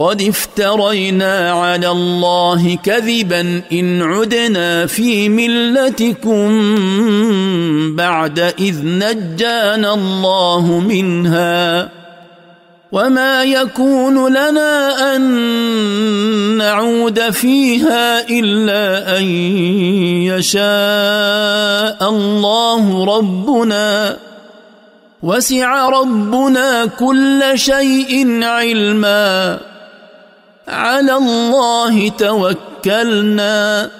قد افترينا على الله كذبا ان عدنا في ملتكم بعد اذ نجانا الله منها وما يكون لنا ان نعود فيها الا ان يشاء الله ربنا وسع ربنا كل شيء علما على الله توكلنا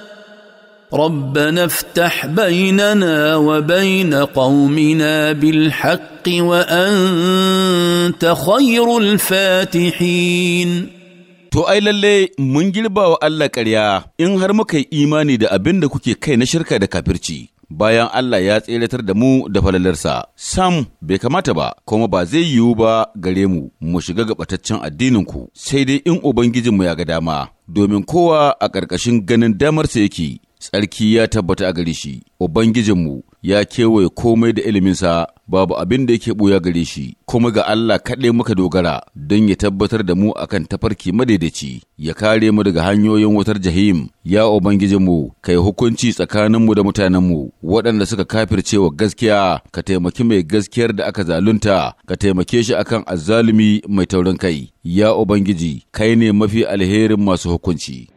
ربنا افتح بيننا وبين قومنا بالحق وانت خير الفاتحين To ai lalle mun girba wa Allah ƙarya in har muka yi imani da abin da kuke kai na shirka da kafirci, bayan Allah ya tseratar da mu da falalarsa. Sam bai kamata ba, kuma ba zai yiwu ba gare mu, mu shiga gabataccen addininku, sai dai in Ubangijinmu ya ga dama, domin kowa a ƙarƙashin ganin damarsa yake. tsarki ya tabbata a gare shi, Ubangijinmu ya kewaye komai da iliminsa babu abin da yake ɓuya gare shi, kuma ga Allah kaɗai muka dogara don ya tabbatar da mu akan tafarki madaidaici, ya kare mu daga hanyoyin wutar jahim, ya Ubangijinmu, kai hukunci tsakaninmu da mutanenmu, waɗanda suka kafirce wa gaskiya, ka taimaki mai gaskiyar da aka zalunta, ka taimake shi akan azzalumi mai taurin kai, ya Ubangiji, kai ne mafi alherin masu hukunci.